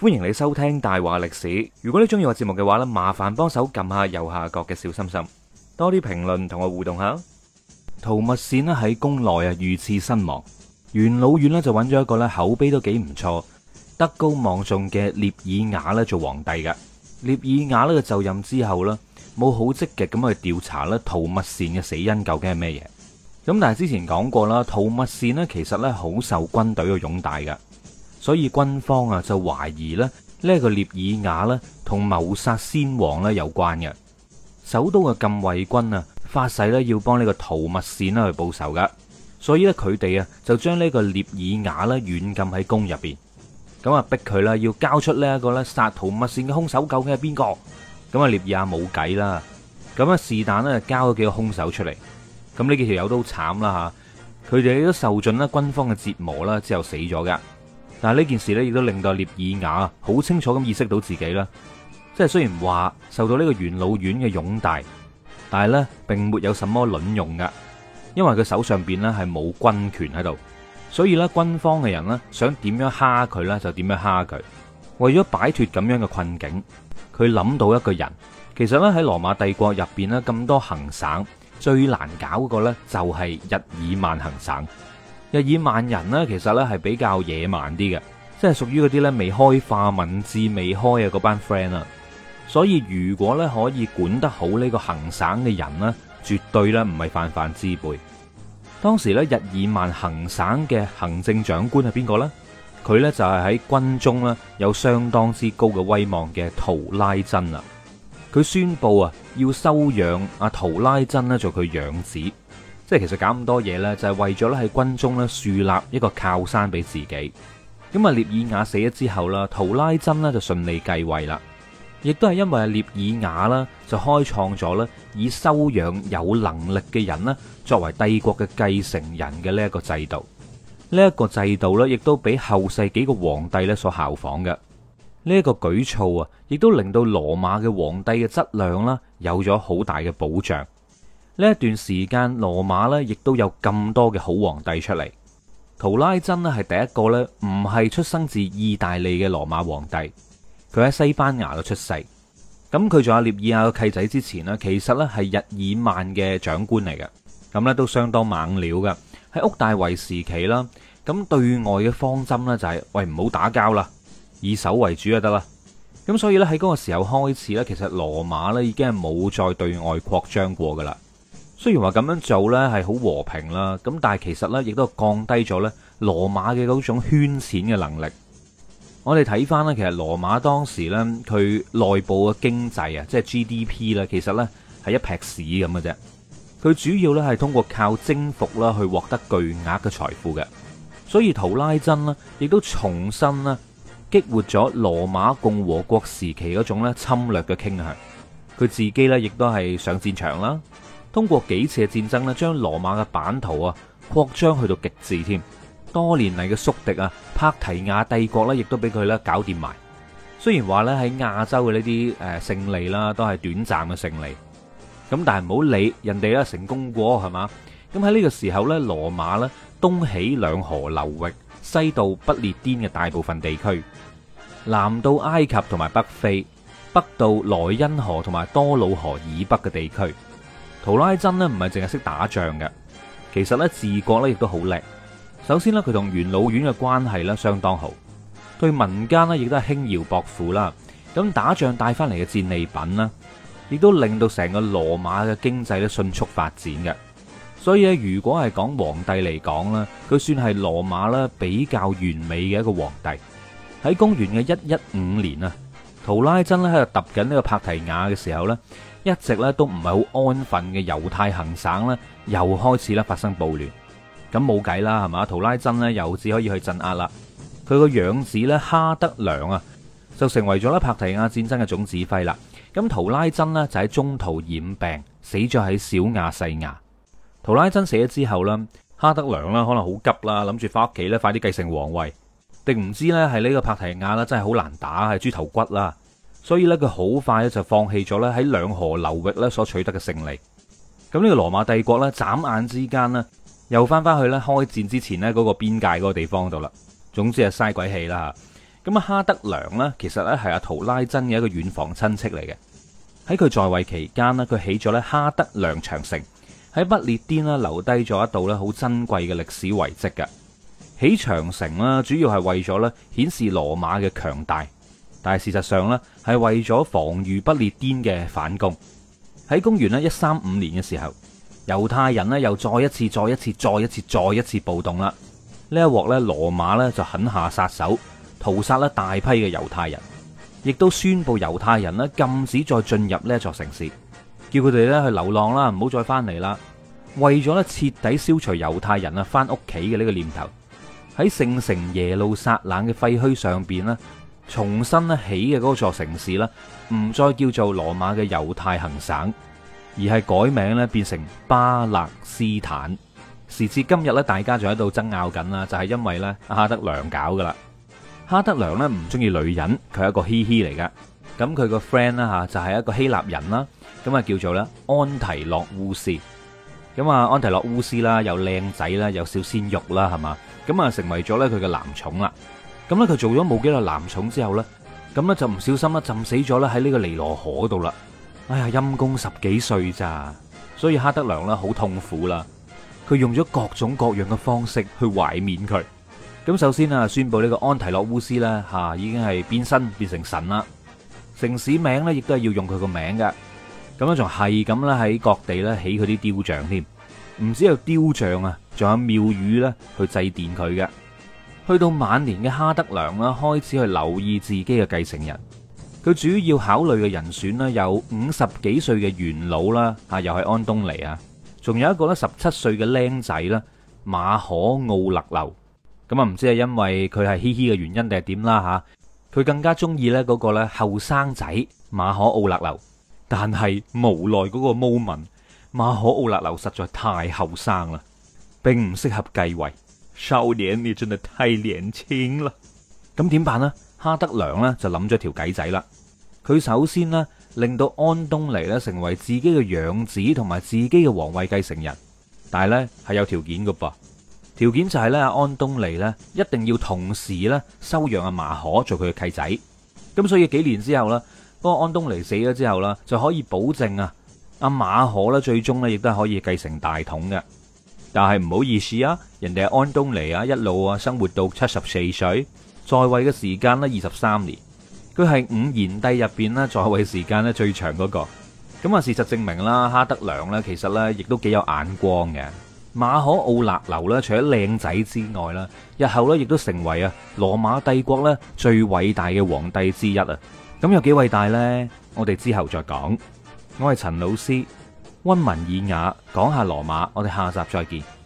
歡迎你收聽大話歷史。如果你中意我節目嘅話呢，麻煩幫手撳下右下角嘅小心心，多啲評論同我互動下。陶密善咧喺宮內啊遇刺身亡，元老院咧就揾咗一個咧口碑都幾唔錯、德高望重嘅涅爾瓦咧做皇帝嘅。涅爾瓦咧就任之後啦，冇好積極咁去調查咧陶密善嘅死因究竟係咩嘢。咁但係之前講過啦，陶密善咧其實咧好受軍隊嘅擁戴嘅。所以軍方啊就懷疑咧呢個聶爾瓦咧同謀殺先王咧有關嘅，首都嘅禁衛軍啊發誓咧要幫呢個圖密善咧去報仇噶，所以咧佢哋啊就將呢個聶爾瓦咧軟禁喺宮入邊，咁啊逼佢啦要交出呢一個咧殺圖密善嘅凶手究竟係邊個，咁啊聶爾瓦冇計啦，咁啊是但咧交咗幾個凶手出嚟，咁呢幾條友都慘啦吓，佢哋都受盡啦軍方嘅折磨啦之後死咗噶。但係呢件事呢，亦都令到涅爾瓦好清楚咁意識到自己啦。即係雖然話受到呢個元老院嘅擁戴，但係呢並沒有什麼卵用噶，因為佢手上邊呢係冇軍權喺度，所以咧軍方嘅人呢，想點樣蝦佢呢，就點樣蝦佢。為咗擺脫咁樣嘅困境，佢諗到一個人。其實咧喺羅馬帝國入邊呢，咁多行省，最難搞個呢，就係日耳曼行省。日耳曼人呢，其實咧係比較野蠻啲嘅，即係屬於嗰啲咧未開化、文字未開嘅嗰班 friend 啦。所以如果咧可以管得好呢個行省嘅人咧，絕對咧唔係泛泛之輩。當時咧日耳曼行省嘅行政長官係邊個呢？佢咧就係喺軍中咧有相當之高嘅威望嘅圖拉真。啊。佢宣布啊，要收養阿圖拉真咧做佢養子。即係其實搞咁多嘢呢，就係為咗咧喺軍中咧樹立一個靠山俾自己。咁啊，涅爾瓦死咗之後呢，圖拉真呢就順利繼位啦。亦都係因為阿涅爾瓦啦，就開創咗咧以收養有能力嘅人呢作為帝國嘅繼承人嘅呢一個制度。呢、這、一個制度呢，亦都俾後世幾個皇帝呢所效仿嘅。呢、這、一個舉措啊，亦都令到羅馬嘅皇帝嘅質量啦，有咗好大嘅保障。呢一段時間，羅馬呢亦都有咁多嘅好皇帝出嚟。圖拉真呢係第一個呢唔係出生自意大利嘅羅馬皇帝，佢喺西班牙度出世。咁佢仲有聶爾亞嘅契仔之前呢，其實呢係日耳曼嘅長官嚟嘅。咁呢都相當猛料噶。喺屋大維時期啦，咁對外嘅方針呢就係、是、喂，唔好打交啦，以守為主就得啦。咁所以呢，喺嗰個時候開始呢，其實羅馬呢已經係冇再對外擴張過噶啦。雖然話咁樣做呢係好和平啦，咁但係其實呢亦都降低咗呢羅馬嘅嗰種圈錢嘅能力。我哋睇翻呢，其實羅馬當時呢，佢內部嘅經濟啊，即係 GDP 啦，其實呢係一劈屎咁嘅啫。佢主要呢係通過靠征服啦去獲得巨額嘅財富嘅，所以圖拉真呢亦都重新呢激活咗羅馬共和國時期嗰種咧侵略嘅傾向。佢自己呢亦都係上戰場啦。通過幾次嘅戰爭咧，將羅馬嘅版圖啊擴張去到極致添。多年嚟嘅宿敵啊，帕提亞帝國咧，亦都俾佢咧搞掂埋。雖然話咧，喺亞洲嘅呢啲誒勝利啦，都係短暫嘅勝利。咁但係唔好理人哋咧成功過係嘛。咁喺呢個時候咧，羅馬咧東起兩河流域，西到不列顛嘅大部分地區，南到埃及同埋北非，北到萊茵河同埋多瑙河以北嘅地區。圖拉真呢唔係淨係識打仗嘅，其實呢，治國咧亦都好叻。首先呢，佢同元老院嘅關係呢相當好，對民間呢亦都係輕徭薄賦啦。咁打仗帶翻嚟嘅戰利品呢，亦都令到成個羅馬嘅經濟咧迅速發展嘅。所以咧如果係講皇帝嚟講呢，佢算係羅馬咧比較完美嘅一個皇帝。喺公元嘅一一五年啊。圖拉真咧喺度揼緊呢個帕提亞嘅時候呢，一直咧都唔係好安分嘅猶太行省呢又開始咧發生暴亂。咁冇計啦，係嘛？圖拉真呢又只可以去鎮壓啦。佢個養子咧哈德良啊，就成為咗咧帕提亞戰爭嘅總指揮啦。咁圖拉真呢，就喺中途染病死咗喺小亞細亞。圖拉真死咗之後呢，哈德良呢，可能好急啦，諗住翻屋企咧，快啲繼承皇位。定唔知呢係呢個帕提亞啦，真係好難打，係豬頭骨啦，所以呢，佢好快呢就放棄咗呢喺兩河流域呢所取得嘅勝利。咁呢個羅馬帝國呢，眨眼之間呢，又翻翻去呢開戰之前呢嗰個邊界嗰個地方度啦。總之係嘥鬼氣啦嚇。咁啊，哈德良呢，其實呢係阿圖拉真嘅一個遠房親戚嚟嘅。喺佢在位期間呢，佢起咗呢哈德良長城，喺不列顛呢留低咗一道呢好珍貴嘅歷史遺跡㗎。起長城啦，主要係為咗咧顯示羅馬嘅強大，但係事實上咧係為咗防禦不列顛嘅反攻。喺公元咧一三五年嘅時候，猶太人咧又再一次、再一次、再一次、再一次暴動啦。呢一鑊咧，羅馬咧就狠下殺手，屠殺咧大批嘅猶太人，亦都宣布猶太人咧禁止再進入呢一座城市，叫佢哋咧去流浪啦，唔好再翻嚟啦。為咗咧徹底消除猶太人啊翻屋企嘅呢個念頭。喺聖城耶路撒冷嘅廢墟上邊咧，重新起嘅嗰座城市咧，唔再叫做羅馬嘅猶太行省，而係改名咧變成巴勒斯坦。時至今日咧，大家仲喺度爭拗緊啦，就係因為咧哈德良搞噶啦。哈德良呢唔中意女人，佢係一個嘻嘻嚟噶。咁佢個 friend 啦吓，就係一個希臘人啦，咁啊叫做咧安提洛烏士。咁啊，安提洛烏斯啦，又靚仔啦，又小鮮肉啦，係嘛？咁啊，成為咗咧佢嘅男寵啦。咁咧佢做咗冇幾耐男寵之後咧，咁咧就唔小心啦浸死咗咧喺呢個尼羅河度啦。哎呀，陰公十幾歲咋？所以哈德良啦好痛苦啦，佢用咗各種各樣嘅方式去懷緬佢。咁首先啊，宣布呢個安提洛烏斯咧吓已經係變身變成神啦。城市名咧亦都係要用佢個名㗎。咁樣，仲係咁啦，喺各地咧起佢啲雕像添，唔止有雕像啊，仲有廟宇咧去祭奠佢嘅。去到晚年嘅哈德良啦，開始去留意自己嘅繼承人。佢主要考慮嘅人選呢，有五十幾歲嘅元老啦，啊，又係安東尼啊，仲有一個咧十七歲嘅僆仔啦，馬可奧勒留。咁啊，唔知係因為佢係嘻嘻嘅原因定係點啦吓？佢更加中意咧嗰個咧後生仔馬可奧勒留。但係無奈嗰個 moment 馬可奧勒流實在太後生啦，並唔適合繼位，少年你真係太年輕啦。咁點辦呢？哈德良呢就諗咗條計仔啦。佢首先呢令到安東尼呢成為自己嘅養子同埋自己嘅皇位繼承人，但係呢係有條件噶噃。條件就係呢阿安東尼呢一定要同時呢收養阿馬可做佢嘅契仔。咁所以幾年之後呢？嗰個安東尼死咗之後啦，就可以保證啊，阿馬可咧最終咧亦都可以繼承大統嘅。但係唔好意思啊，人哋係安東尼啊一路啊生活到七十四歲，在位嘅時間咧二十三年，佢係五賢帝入邊咧在位時間咧最長嗰個。咁啊事實證明啦，哈德良咧其實咧亦都幾有眼光嘅。馬可奧勒留咧除咗靚仔之外啦，日後咧亦都成為啊羅馬帝國咧最偉大嘅皇帝之一啊！咁有幾偉大呢？我哋之後再講。我係陳老師，溫文爾雅，講下羅馬。我哋下集再見。